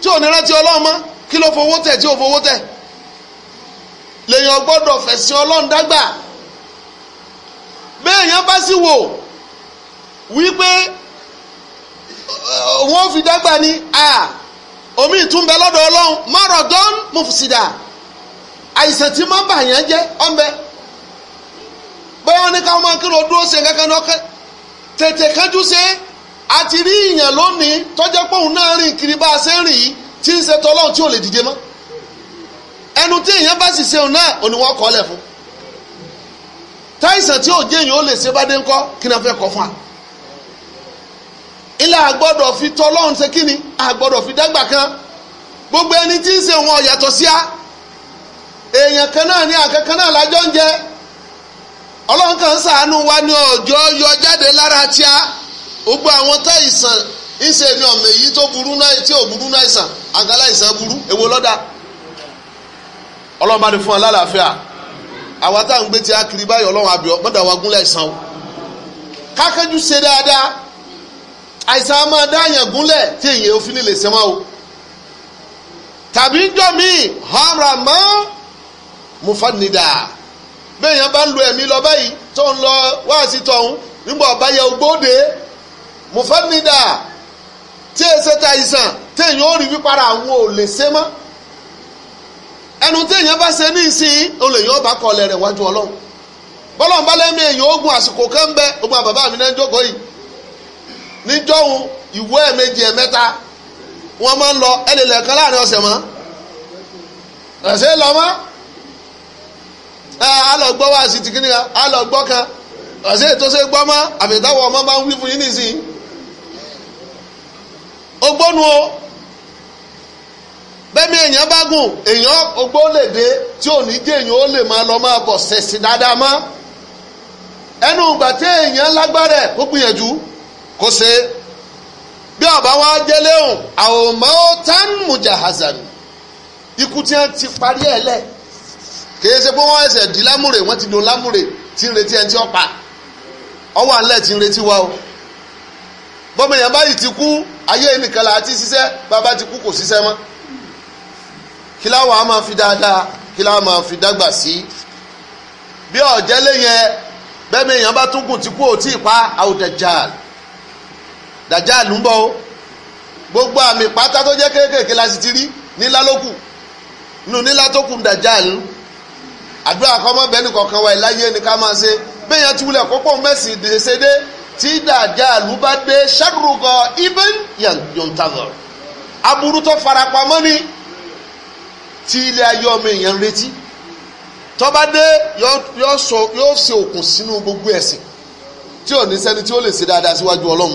tí ò ní rántí ọlọ́run mọ́ kí ló fowó tẹ̀ tí ò fowó tẹ̀ lèèyàn gbọ́dọ̀ fẹ̀sìn ọlọ́run dágbà béèyàn bá sì wò wípé uh, wọ́n fi dágbà ni a omi ìtúnbẹ lọ́dọ̀ ọlọ́run márọ̀ dán mufsida àìsàn tí máa ń bà yẹn jẹ́ ọ̀nbẹ bóyá wọn ní káwọn máa ń kí ló dúró ṣe kankan náà tètè kánjú ṣe é. àti rí ìyàn lónìí tọ́jẹ́ náà rìn kiri bá a ṣe ń rìn yìí tí ń ṣe tọ́lọ́run tí ò lè dìde mọ́ ẹnu tí èèyàn bá sì ṣeun náà òní wọ́n kọ́ lẹ̀ fún táìsàn tí ò ó lè ṣe bá dé kí fún wa fi ṣe kí ni fi dágbà kan gbogbo ẹni tí ń ṣe wọn sí a èèyàn kan náà ní àkẹ́kẹ́ gbogbo àwọn tá ìsàn ńṣe mi ọmọ èyí tó burú náà tí ò burú náà ìsàn àgàlà ìsàn burú èwo lọ́dà ọlọ́run bá ní fún wa lálàáfíà àwa tá à ń gbé tí a kiri báyìí ọlọ́run àbíọ́ mọ́tà wa gúnlẹ̀ ìsàn o kákẹ́jú ṣe dáadáa àìsàn a máa dá àyàn gúnlẹ̀ tí èyàn ò lè ṣe mọ́ o tàbí jọ míì hàrà mọ́ mufanida bẹ́ẹ̀ yẹn bá ń lo ẹ̀mí lọ báyìí tó ń lọ wáàsí tọ̀hún nígbà ọ̀bá yẹ ogbóde mùfẹ́nìdà tí èsè ta ìsàn téèyàn ó rí wípara àwọn ò lè ṣe mọ́ ẹnu téèyàn bá ṣe ní ìsìn olèyàn ọba kọlẹ̀ rẹ̀ wájú ọlọ́run bọ́lọ̀ ń bá lẹ́mí èèyàn ogun àsìkò kan ogun àbàbà mi náà ń jókòó yìí níjọ́hun ìwé wọ́n máa ń lọ ẹlẹ́lẹ̀ kan láàrin ọ̀sẹ̀ mọ́ ẹ̀sẹ̀ lọ mọ́ alọ̀gbọ́ wa sì ti ogbonuo o bẹ́ẹ̀ni èèyàn bá gùn èèyàn ogbó lè dé tí ò ní jẹ́ èèyàn ó lè máa lọ máa bọ̀ dáadáa mọ́ ẹnu ìgbà tí èèyàn lágbára ẹ̀ kó gbìyànjú kó ṣe bí ọba wa jẹ́ léhùn àwòmọ́ tán mujahazan ikú tí wọ́n ti parí ẹ̀ lẹ̀ kì ṣe pé wọ́n ẹsẹ̀ di lámùrè wọ́n ti lámùrè tí ń bọ́mọ èèyàn báyìí ti kú ayé nìkan là á ti ṣiṣẹ́ bàbá ti kú kò ṣiṣẹ́ mọ́ kí láwọn á máa fi dáadáa kí láwọn máa fi dágbà sí i bí ọ̀jẹ́ lẹ́yìn bẹ́ẹ̀ni èèyàn bá tún kùn ti kú òtí ìpa àwòdàjàl dàjàl ń bọ̀ o gbogbo àmì pátá tó jẹ́ kéékèèké la sì ti rí nílá ló nù nílá tó kù dàjàl àdúrà kọ́mọ́bẹ́ni kọ̀ọ̀kan wa ìláyé ni ká máa ṣe bẹ́ẹ̀ yẹn ti wulẹ̀ kókó mẹ́sì dèṣe tí dàjálù bá dé sàrùgọ ibn yontazor aburú tó farapamọ́ ni tí ilé ayé ọmọ èèyàn retí tó dé yóò ṣe òkun sínú gbogbo ẹ̀sìn tí ò ní sẹ́ni tí ó lè ṣe dáadáa síwájú ọlọ́run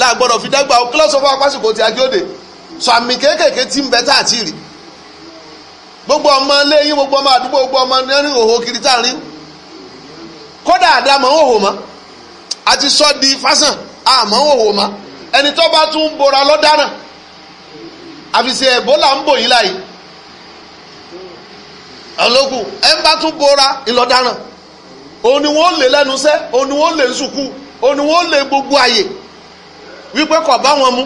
mọ́ tí sọ àmì kéékèèké tí ń bẹ àti gbogbo ọmọ ilé yín gbogbo ọmọ àdúgbò gbogbo ọmọ ní òhò kiri kódà àdá mọ̀ ń àti sọ di fásán àmọ́ ń mọ́ ẹni tó bá tún bora lọ́dáràn àfìsẹ́ ẹ̀bólà ń bò yín láyé ọlọ́gùn ẹ ń bá tún bora ìlọ́dáràn òun ni wọ́n lè lẹ́nu sẹ́ òun ni wọ́n lè ni wọ́n gbogbo àyè wípé kò bá wọn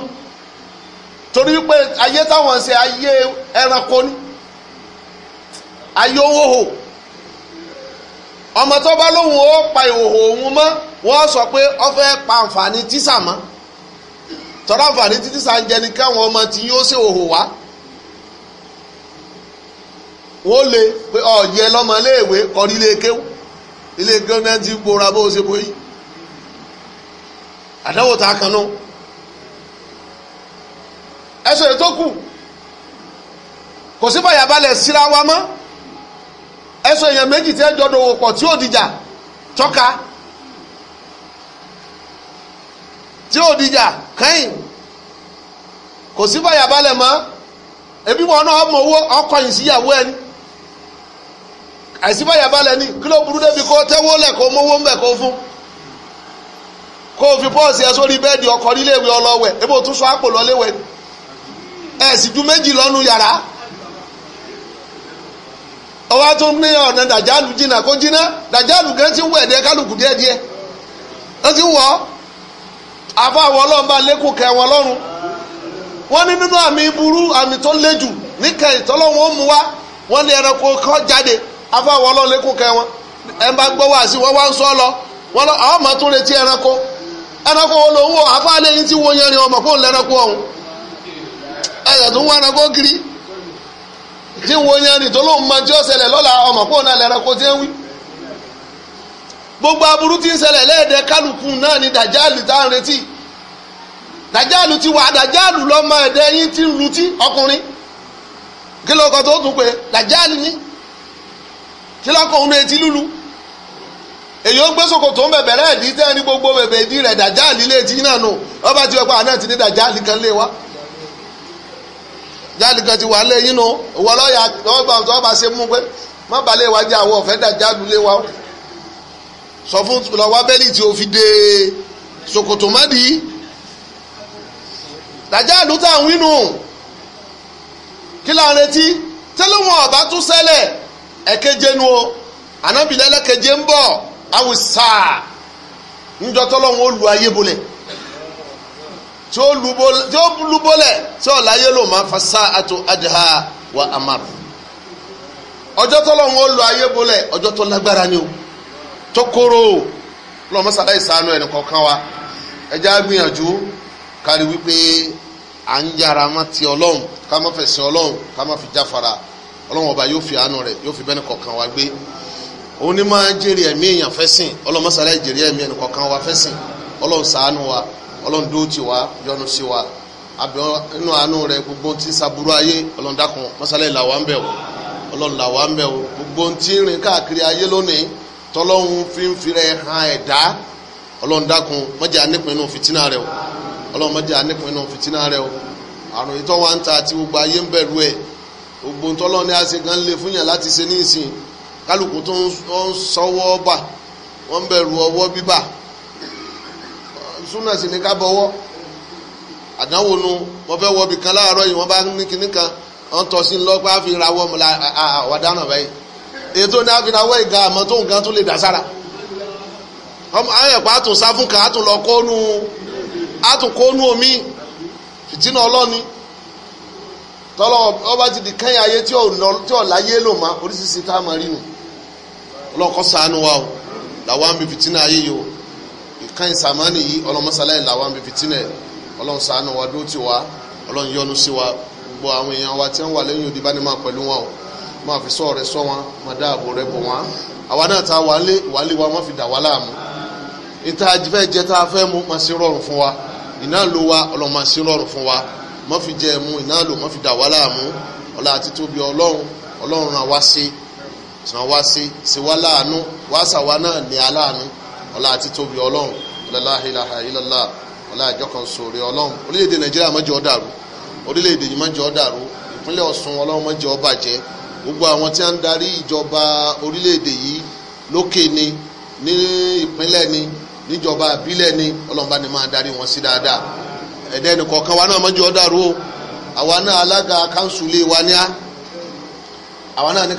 torí wípé ayé táwọn ṣe ayé ẹranko ayé owó ọmọ tó bá lóhùn ó pa ìhòhò òun mọ́ wọn sọ pé ọ fẹ́ pa àǹfààní tíṣà mọ́ tọ́lá àǹfààní ń káwọn ọmọ tí yóò ṣe òhò wá wọ́n lè pé ọ̀jẹ̀ lọ́mọ iléèwé kọrí ilé kéwú ilé ti gbóra bó ṣe borí àdánwò tá a kan nù wa mọ́. ẹsọ èèyàn méjì tí ẹ jọ dòwò pọ̀ tí ò dìjà tọ́ka tí ò dìjà kẹ́yìn kò sí báyà balẹ̀ mọ́ ebi wọn náà ọmọ owó ọkọyìn síyàwó ni kí ló burú débi kó tẹ́wọ́ lẹ̀ kó mówó ń bẹ̀ kó fún kó o fi pọ́ọ̀sì ẹ sórí bẹ́ẹ̀dì ọkọ̀ níléèwé ọlọ́wẹ̀ ebi o tún sọ àpò lọ́léwẹ̀ ẹ̀ sì ju méjì lọ́nu yàrá. ọwọ́ tó ní ọ̀nà dàjálù jìnnà kó jìnnà dàjálù gan ti ń wẹ̀ díẹ̀ kálukú díẹ̀ díẹ̀ wọ́n ti wọ̀ ọ́ àbá àwọn ọlọ́run bá wọn lọ́rùn wọ́n ní nínú àmì burú àmì tó lé jù níkẹ́ ìtọ́lọ́wọ́n ó mú wọ́n ní ẹranko kọ́ jáde àwọn ọlọ́run wọn ẹ̀ ń bá gbọ́ wá sí wọ́n wá ń lọ wọ́n lọ àwọn ọmọ retí ẹranko ẹranko wo ló ń wò àfa lẹ́yìn tí yẹn ni ọmọ fóun tí ń wo yan ni tó lóun máa tí ó ṣẹlẹ̀ lọ́la ọmọ kó náà kó wí. gbogbo aburú ti ń ṣẹlẹ̀ lẹ́ẹ̀dẹ́ kálukú náà ni dàjáàlì tá à ń ti wà dàjáàlù lọ́mọ ẹ̀dẹ́ yín ti ń lutí ọkùnrin kí lóko tó tún pé dàjáàlì ni kí lóko lulu èyí ó gbé sòkòtò ń bẹ̀bẹ̀rẹ̀ ẹ̀dí gbogbo bẹ̀bẹ̀ rẹ̀ ti náà nù ọba jáde kan ti wà lé yín nu òwò lọ́ọ̀yà ọba ṣe mú pé má balẹ̀ wá jẹ́ àwọn ọ̀fẹ́ dàjálù lé wa sọ fún lọ́wọ́ bẹ́ẹ̀lì tí o fi dé ṣòkòtò má dì í dàjálù tá à ń wínú kí la ń retí tẹ́lẹ̀wọ̀n ọ̀bá tún ṣẹlẹ̀ ẹ̀keje nu o ànábìlẹ́lẹ́keje ń bọ̀ àwùsà ńjọ́ tọ́lọ́wọ́n ó lu ayé bolẹ̀. tí ó lúbọ́lẹ̀ tí ó láyé ló máa fasa àtò adìhà wa amar ọjọ́ tó lọ́wọ́ lu ayé ni o tó kóró lọ́wọ́ mọ́sálá ìsànú ẹni kọ̀ọ̀kan wa ẹja gbìyànjú kárí wípé à ń yára má ti ọlọ́run ká má fẹ̀sìn ọlọ́run ká má fi jáfara ọlọ́run ọba yóò fi àánú rẹ̀ yóò fi bẹ́ẹ̀ wa gbé wa ọlọ́run dúró tì wá yọ́nú sí wa àbẹ̀ inú àánú rẹ gbogbo tí saburú ayé ọlọ́run dákun mọ́sálẹ̀ là wá ń bẹ̀ o ọlọ́run là wá ń bẹ̀ o gbogbo tí ń rìn káàkiri ayé lónìí tọ́lọ́run fi ń fi rẹ han ẹ̀dá ọlọ́run dákun mọ́jà nípìn inú fìtínà rẹ o ọlọ́run mọ́jà nípìn inú fìtínà rẹ o àrùn ìtọ́ wa ń ta àti gbogbo ayé ń bẹ̀rù ẹ̀ gbogbo tọ́lọ́run ní àṣẹ gan lè fún yàn láti ṣe ní ìsìn kálukú tó ń sọwọ́ bà wọ́n bẹ̀rù ọwọ́ bíbà súnà sì ní ká bọ̀wọ́ àdánwò nu wọ́n fẹ́ wọ ibìkan láàárọ̀ yìí bá ní kinní kan wọ́n tọ́ sí àfi la àwàdánù báyìí ètò ní àfi rawọ́ ìga àmọ́ tó nǹkan tó lè dá sára lọ kónú omi fìtínà ọba ti di ayé tí láyé lò má oríṣiríṣi tá a máa rí wa o làwọn o. kan ìsàmánì yìí ọlọmọsálá ìlà wa ń bí fitinẹ ọlọ́run ṣàánú wa dúró tì wá ọlọ́run yọ́nú sí wa gbogbo àwọn èèyàn wa tí wọn wà lẹ́yìn òdìbá ni máa pẹ̀lú wọn o máa fi sọ rẹ sọ wọn máa dáàbò rẹ bò wọn àwa náà ta wálé wálé wa má fi dà wá láàmú ìta fẹ́ jẹ tá a fẹ́ mu máa ṣe rọrùn fún wa iná ló wa ọlọ́run máa ṣe rọrùn fún wa má fi jẹ mu iná ló má fi dà wá láàmú ọlá àti tóbi ọlọ́run ọlọ́run ràn wá sí ràn wá sí ṣe wá láàánú wá ṣàwa náà ní aláàánú ọlá àti tóbi ọlọ́run láláhìláhà ìlàlá ọlájọkan sórí ọlọ́run orílẹ̀-èdè nàìjíríà má jẹ́ orílẹ̀-èdè yìí má jẹ́ ìpínlẹ̀ ọlọ́run gbogbo àwọn tí a ń darí ìjọba orílẹ̀-èdè yìí lókè ni ní ìpínlẹ̀ ni níjọba àbílẹ̀ ni ọlọ́run bá máa darí wọn sí dáadáa wa náà o náà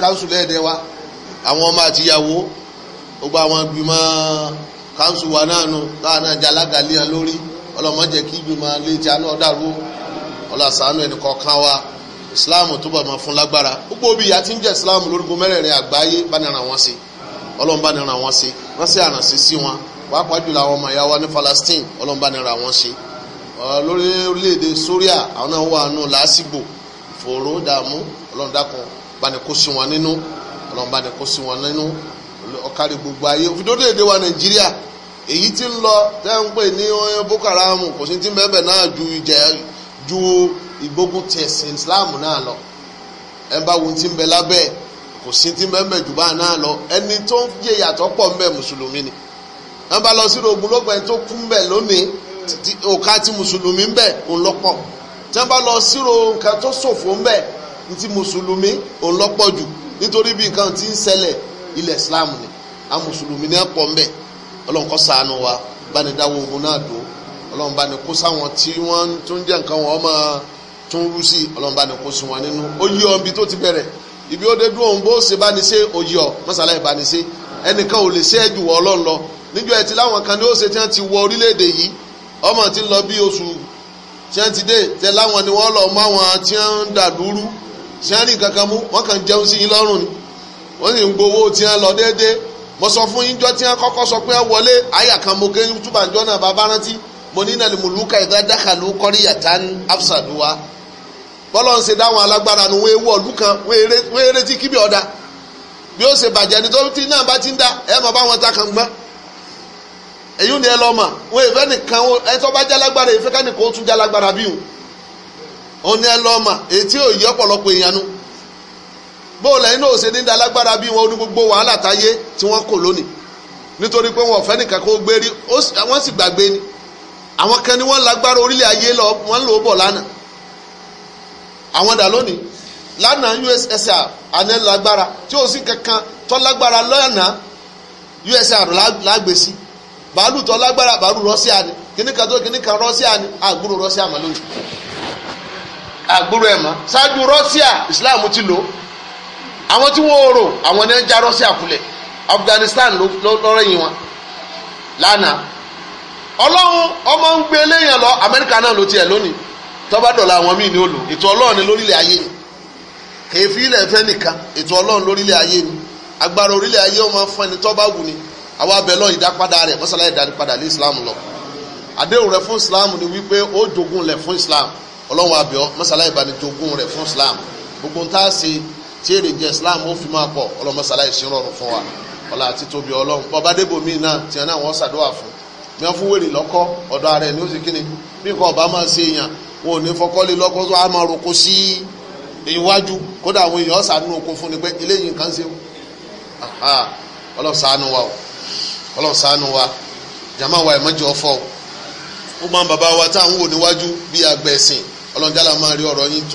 gbogbo àwọn kanṣu wa náà nù káàná jalaga léyàn lórí ọlọmọdé kí ìgbìmọ̀ lè ti àná ọ̀dàrú ọlọ́sàánú ẹnìkọ̀ọ̀kan wa islam túbọ̀ máa fún lágbára gbogbo bí ìyá ń jẹ́ islam lórúkọ mẹ́rẹ̀ẹ̀rin àgbáyé bá ní ara wọn sí ọlọ́run bá ní ara wọn sí wọ́n sì àrànṣe sí wọn pàápàá jùlọ àwọn ọmọ ìyá wa ní Palestine ọlọ́run bá ní ara wọn sí lórí orílẹ̀-èdè Syria àwọn náà wà nù làásìgbò fòró dààmú ọlọ́run dákun bá ní kó sí wọn nínú ọlọ́run bá sí wọn nínú ọ̀kárí gbogbo ayé òfin tó dé èdè wa Nàìjíríà èyí tí ń lọ tẹ́ ń pè ní Boko Haram kò sí ti bẹ́ẹ̀ náà ju ìjẹ́ ju ìgbógun ti ẹ̀sìn Islam náà lọ ẹ bá wo ti ń bẹ lábẹ́ kò sí ti bẹ́ẹ̀ jù bá náà lọ ẹni tó ń jẹ ìyàtọ̀ pọ̀ ń bẹ mùsùlùmí ni ẹ bá lọ sí ogun lọ́gbà ẹni tó kú ń bẹ lónìí òkà ti mùsùlùmí ń bẹ òun lọ́pọ̀ bá lọ sírò nǹkan tó ṣòfò ń bẹ ti mùsùlùmí òun lọ́pọ̀ jù nítorí bí nǹkan ti ń ọlọ́run kó wa bá ní dáwọ́ ogun náà dó ọlọ́run bá ní kó sáwọn tí wọ́n tún jẹ́ nǹkan wọn máa tún rú sí ọlọ́run bá ní kó sun wọn nínú ó yí ọ ibi tó ti bẹ̀rẹ̀ ibi ó dé dúró òun bó ṣe bá ní ṣe òyì ọ mọ́sálá ìbá ní ṣe ẹnìkan ò lè ṣe ẹ̀jù wọ ọlọ́run lọ níjọ́ ẹtì láwọn kan ní ó ṣe tí wọ́n ti wọ orílẹ̀-èdè yìí ọmọ ti ń lọ bí oṣù tí wọ́n ti dé tẹ láwọn ni wọ́n lọ mọ àwọn tí wọ́n ń dà lúrú tí wọ́n rí nǹkan kan mú wọ́n kàn jẹun sí yín lọ́rùn ni wọ́n sì ń gbowó tí wọ́n lọ déédéé mo sọ fún yín jọ tí wọ́n kọ́kọ́ sọ pé ọ wọlé àyà kan mo gé túbà jọ náà bàbá rántí mo ní nàlẹ́ mùlùkà ìgbà dákàlù kọ́rí yàtá afsaduwa bọ́lá ń ṣe dáwọn alágbára nu wọ́n ọ̀lú kan wọ́n eré tí kíbi bí ó ṣe bàjẹ́ tí ti ń dá bá wọn ta gbọ́n èyí ni ẹ lọ mọ̀ wọn ìfẹ́ nìkan ẹ tó bá ìfẹ́ ó tún bí ò ní ẹ lọ bóòlù ẹ̀yin náà ò ṣe ní dalágbára bí wọn ní gbogbo wàhálà táyé tí wọn kò lónìí nítorí pé wọn ò fẹ́ nìkan kó gbé rí wọ́n sì gbàgbé ni àwọn kan lágbára orílẹ̀ ayé lọ wọn ń lò ó bọ̀ lánàá àwọn dà lónìí lánàá USSR àná lágbára tí ó sì kankan lágbára Russia ni tó Russia ni Russia lónìí àgbúrò ẹ̀ mọ́ Russia Islam ti àwọn tí wọ́n rò àwọn ní ń já Russia kulẹ̀ Afghanistan lọ́rẹ́yìn wọn lánàá ọlọ́run ọmọ ń gbé léèyàn lọ Amẹ́ríkà náà ló tiẹ̀ lónìí tọ́ba dọ̀la àwọn míì ní olù ètò ọlọ́run ní lórílẹ̀ ayé ni kèéfì ilẹ̀ fẹ́ nìkan ètò ọlọ́run lórílẹ̀ ayé ni agbára orílẹ̀ ayé ọmọ fún ẹni tọ́ba wù ni àwa abẹ́lọ́ ìdápadà rẹ̀ mọ́sálá ìdápadà lé Islam lọ àdéhùn rẹ̀ fún Islam ni wípé ó jogun lẹ̀ fún Islam ọlọ́run àbíọ́ mọ́sálá ìbánijogún rẹ̀ fún Islam gbogbo ń tá a ṣe tí èrèjì islam ó fi máa kọ ọlọmọsàlá ìṣin fún wa ọlá àti tóbi ọlọ́run bọ́ba débòmí náà tiẹ̀ náà wọ́n ṣàdúrà fún mi wọ́n fún wèrè lọ́kọ́ ọ̀dọ̀ ara ní ó sì bí nǹkan ọba máa ṣe èèyàn wọn ò ní fọkọ́lé lọ́kọ́ tó a máa roko sí iwájú kódà àwọn èèyàn ṣàánú oko fún ni pé eléyìí nǹkan ṣe wa o wa jama wa o wa níwájú máa rí ọ̀rọ̀ yín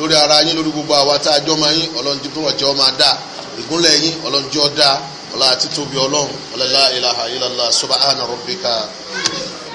lórí ara yín lórí gbogbo àwa tá a jọ máa yín ọlọ́run dípò ọ̀jẹ̀ ọmọ adá ìgúnlẹ̀ yín ọlọ́run jọ́ dá ọlá àti tóbi ọlọ́run ọlọ́lá ilaha illallah subhana rabbika.